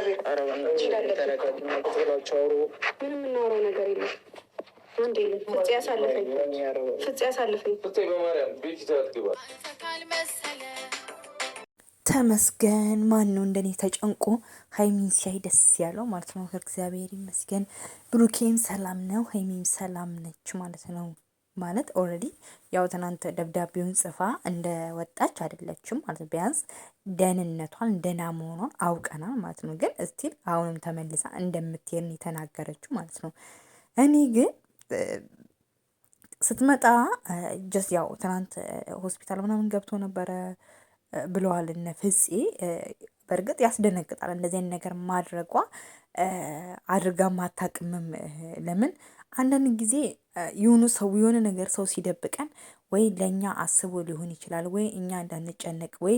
ምንም የምናወራው ነገር የለም። ተመስገን ማን ነው እንደኔ ተጨንቆ ሀይሚን ሲያይ ደስ ያለው ማለት ነው። ከእግዚአብሔር ይመስገን። ብሩኬም ሰላም ነው፣ ሀይሚም ሰላም ነች ማለት ነው። ማለት ኦልሬዲ ያው ትናንት ደብዳቤውን ጽፋ እንደወጣች አይደለችም ማለት ቢያንስ ደህንነቷን ደህና መሆኗን አውቀናል ማለት ነው። ግን እስቲል አሁንም ተመልሳ እንደምትሄድን የተናገረችው ማለት ነው። እኔ ግን ስትመጣ ጀስ ያው ትናንት ሆስፒታል ምናምን ገብቶ ነበረ ብለዋል እነ ፍጼ። በእርግጥ ያስደነግጣል እንደዚህ ነገር ማድረጓ አድርጋ ማታቅምም ለምን አንዳንድ ጊዜ የሆኑ ሰው የሆነ ነገር ሰው ሲደብቀን ወይ ለእኛ አስቦ ሊሆን ይችላል ወይ እኛ እንዳንጨነቅ ወይ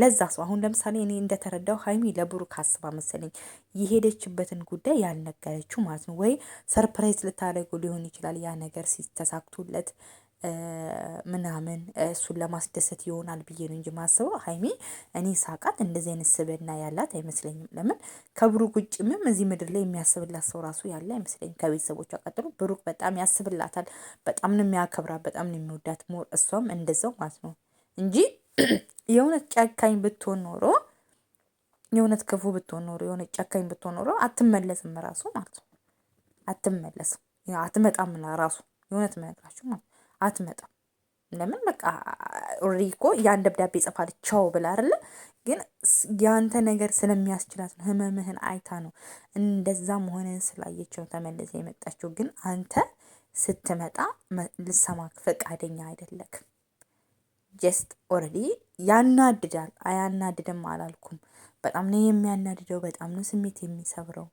ለዛ ሰው አሁን ለምሳሌ እኔ እንደተረዳው ሀይሚ ለብሩክ አስባ መሰለኝ የሄደችበትን ጉዳይ ያልነገረችው ማለት ነው። ወይ ሰርፕራይዝ ልታደርገው ሊሆን ይችላል ያ ነገር ሲተሳክቶለት ምናምን እሱን ለማስደሰት ይሆናል ብዬ ነው እንጂ ማስበው ሀይሚ እኔ ሳቃት እንደዚህ አይነት ስብዕና ያላት አይመስለኝም። ለምን ከብሩክ ውጭ ምንም እዚህ ምድር ላይ የሚያስብላት ሰው ራሱ ያለ አይመስለኝም። ከቤተሰቦቿ ቀጥሎ ብሩክ በጣም ያስብላታል፣ በጣም ነው የሚያከብራት፣ በጣም ነው የሚወዳት። ሞር እሷም እንደዛው ማለት ነው እንጂ የእውነት ጨካኝ ብትሆን ኖሮ የእውነት ክፉ ብትሆን ኖሮ የሆነ ጨካኝ ብትሆን ኖሮ አትመለስም ራሱ ማለት ነው። አትመለስም፣ አትመጣም ራሱ የእውነት መነግራችሁ ማለት ነው። አትመጣም። ለምን በቃ ኦልሬዲ እኮ ያን ደብዳቤ ጽፋለች ቻው ብላ አይደለ? ግን ያንተ ነገር ስለሚያስችላት ነው። ህመምህን አይታ ነው እንደዛ መሆንህን ስላየችው ተመልሰ የመጣችው። ግን አንተ ስትመጣ ልሰማክ ፈቃደኛ አይደለክ። ጀስት ኦልሬዲ ያናድዳል። አያናድድም አላልኩም። በጣም ነው የሚያናድደው። በጣም ነው ስሜት የሚሰብረው።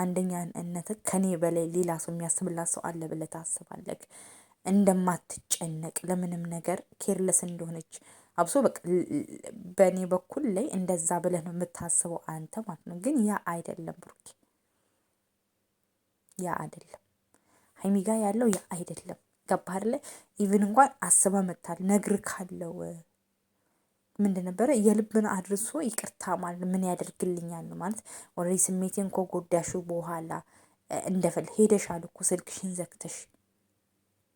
አንደኛ እነትህ ከኔ በላይ ሌላ ሰው የሚያስብላት ሰው አለ ብለህ ታስባለህ። እንደማትጨነቅ ለምንም ነገር ኬርለስ እንደሆነች አብሶ በእኔ በኩል ላይ እንደዛ ብለህ ነው የምታስበው አንተ ማለት ነው። ግን ያ አይደለም ብሩኬ፣ ያ አይደለም ሀይሚ ጋ ያለው ያ አይደለም። ገባህ አይደለ? ኢቭን እንኳን አስባ መታል ነግር ካለው ምንድን ነበረ የልብን አድርሶ ይቅርታ ማለት ምን ያደርግልኛል ነው ማለት ወረዲ ስሜቴን ኮ ጎዳሹ በኋላ እንደፈል ሄደሽ አልኩ ስልክሽን ዘግተሽ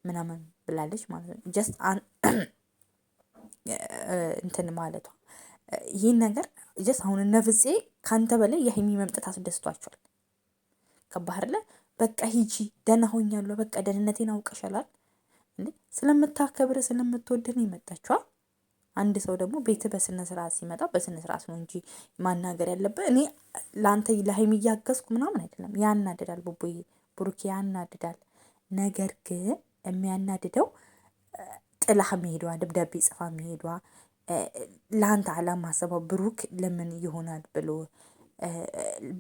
ምናምን ብላለች ማለት ነው። ጀስት እንትን ማለቷ ይህን ነገር ጀስት አሁን ነፍጼ ፍፄ ከአንተ በላይ የሀይሚ መምጣት አስደስቷቸዋል። ከባህር ላይ በቃ ሂጂ ደህና ሆኛለሁ፣ በቃ ደህንነቴን አውቀሻላል። እንዴ ስለምታከብር ስለምትወድን የመጣችዋ አንድ ሰው ደግሞ ቤት በስነ ስርዓት ሲመጣ በስነ ስርዓት ነው እንጂ ማናገር ያለብህ። እኔ ለአንተ ለሀይሚ እያገዝኩ ምናምን አይደለም። ያናድዳል፣ ቡቡዬ ብሩኬ ያናድዳል። ነገር ግን የሚያናድደው ጥላህ መሄዷ፣ ደብዳቤ ጽፋ መሄዷ፣ ለአንተ አላማ ሰባ ብሩክ ለምን ይሆናል ብሎ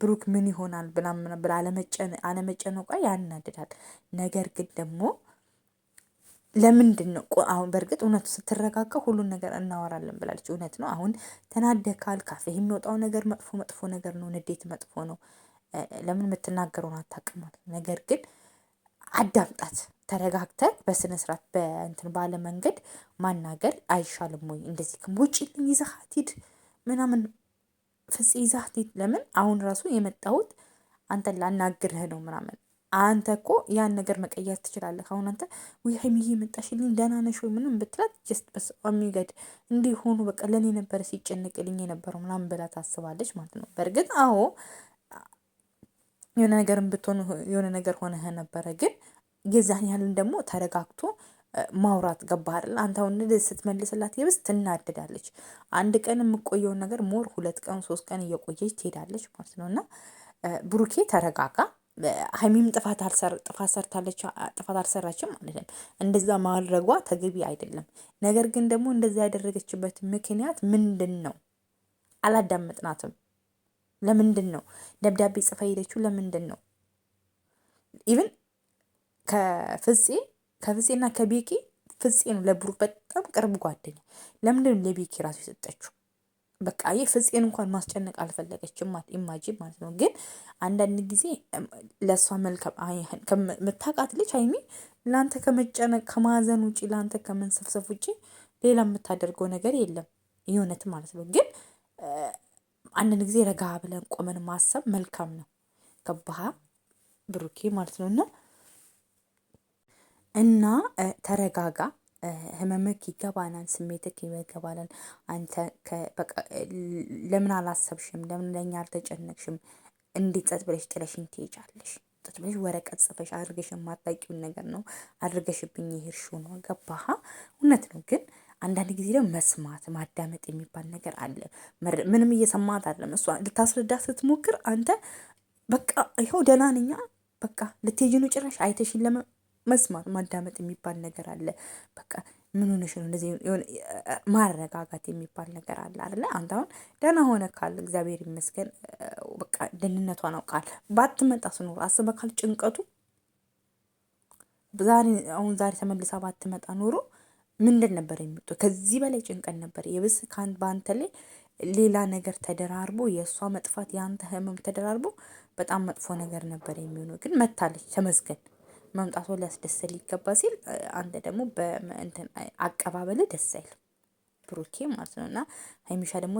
ብሩክ ምን ይሆናል ብላ አለመጨነቋ ያናድዳል። ነገር ግን ደግሞ ለምንድን ነው አሁን በእርግጥ እውነቱ ስትረጋጋ ሁሉን ነገር እናወራለን ብላለች። እውነት ነው። አሁን ተናደካል። ካፌ የሚወጣው ነገር መጥፎ መጥፎ ነገር ነው። ንዴት መጥፎ ነው። ለምን የምትናገረውን አታውቅም። ነገር ግን አዳምጣት ተረጋግተን በስነ ስርዓት በእንትን ባለ መንገድ ማናገር አይሻልም ወይ? እንደዚህ ውጪልኝ፣ ይዘሃት ሂድ ምናምን ፍጽ ይዘሃት ሂድ። ለምን አሁን ራሱ የመጣሁት አንተን ላናግርህ ነው ምናምን። አንተ እኮ ያን ነገር መቀየር ትችላለህ። አሁን አንተ ውይ ሀይሚዬ የመጣሽልኝ ደህና ነሽ ወይ ምንም ብትላት ጀስት በስ የሚገድ እንዲህ ሆኑ በቃ ለእኔ ነበረ ሲጨንቅልኝ የነበረው ምናምን ብላ ታስባለች ማለት ነው። በእርግጥ አዎ የሆነ ነገርም ብትሆን የሆነ ነገር ሆነህ ነበረ። ግን የዛን ያህልን ደግሞ ተረጋግቶ ማውራት ገባህ አይደል? አንተ አሁን ስትመልስላት የብስ ትናደዳለች። አንድ ቀን የምቆየውን ነገር ሞር ሁለት ቀን ሶስት ቀን እየቆየች ትሄዳለች ማለት ነው። እና ብሩኬ ተረጋጋ። ሀይሚም ጥፋት ሰርታለች፣ ጥፋት አልሰራችም ነው። እንደዛ ማድረጓ ተገቢ አይደለም። ነገር ግን ደግሞ እንደዛ ያደረገችበት ምክንያት ምንድን ነው? አላዳመጥናትም ለምንድን ነው ደብዳቤ ጽፋ ሄደችው? ለምንድን ነው ኢቭን ከፍጼ ከፍጼና ከቤኪ ፍጼ ነው ለብሩክ በጣም ቅርብ ጓደኛ። ለምንድን ነው ለቤኪ ራሱ የሰጠችው? በቃ ይህ ፍጼን እንኳን ማስጨነቅ አልፈለገችም። ኢማጂን ማለት ነው። ግን አንዳንድ ጊዜ ለእሷ መልካም ከምታውቃት ልጅ ሀይሚ ለአንተ ከመጨነቅ ከማዘን ውጪ ለአንተ ከመንሰፍሰፍ ውጪ ሌላ የምታደርገው ነገር የለም የእውነት ማለት ነው ግን አንድን ጊዜ ረጋ ብለን ቆመን ማሰብ መልካም ነው። ገባህ ብሩኬ ማለት ነው እና እና ተረጋጋ። ህመምክ ይገባናል፣ ስሜትክ ይገባናል። አንተ ለምን አላሰብሽም? ለምን ለእኛ አልተጨነቅሽም? እንዴት ጸጥ ብለሽ ጥለሽኝ ትሄጃለሽ? ጸጥ ብለሽ ወረቀት ጽፈሽ አድርገሽ የማታውቂውን ነገር ነው አድርገሽብኝ ይሄድሽው ነው። ገባሃ እውነት ነው ግን አንዳንድ ጊዜ ደግሞ መስማት ማዳመጥ የሚባል ነገር አለ። ምንም እየሰማት አይደለም እሷ ልታስረዳ ስትሞክር አንተ በቃ ይኸው ደህና ነኝ በቃ ልትሄጂ ጭራሽ አይተሽኝ ለመስማት ማዳመጥ የሚባል ነገር አለ። በቃ ምን ሆነሽ ነው እንደዚህ ማረጋጋት የሚባል ነገር አለ አለ አንተ አሁን ደህና ሆነ ካል እግዚአብሔር ይመስገን በቃ ደህንነቷን አውቃል። ባትመጣ ስኖር አስበካል ጭንቀቱ ዛሬ አሁን ዛሬ ተመልሳ ባትመጣ ኖሮ ምንድን ነበር የሚወጡ? ከዚህ በላይ ጭንቀት ነበር። የብስ በአንተ ላይ ሌላ ነገር ተደራርቦ የእሷ መጥፋት የአንተ ህመም ተደራርቦ በጣም መጥፎ ነገር ነበር የሚሆነው። ግን መታለች፣ ተመስገን። መምጣቷ ሊያስደሰ ሊገባ ሲል አንተ ደግሞ አቀባበል ደስ አይልም ብሩኬ ማለት ነው እና ሀይሚሻ ደግሞ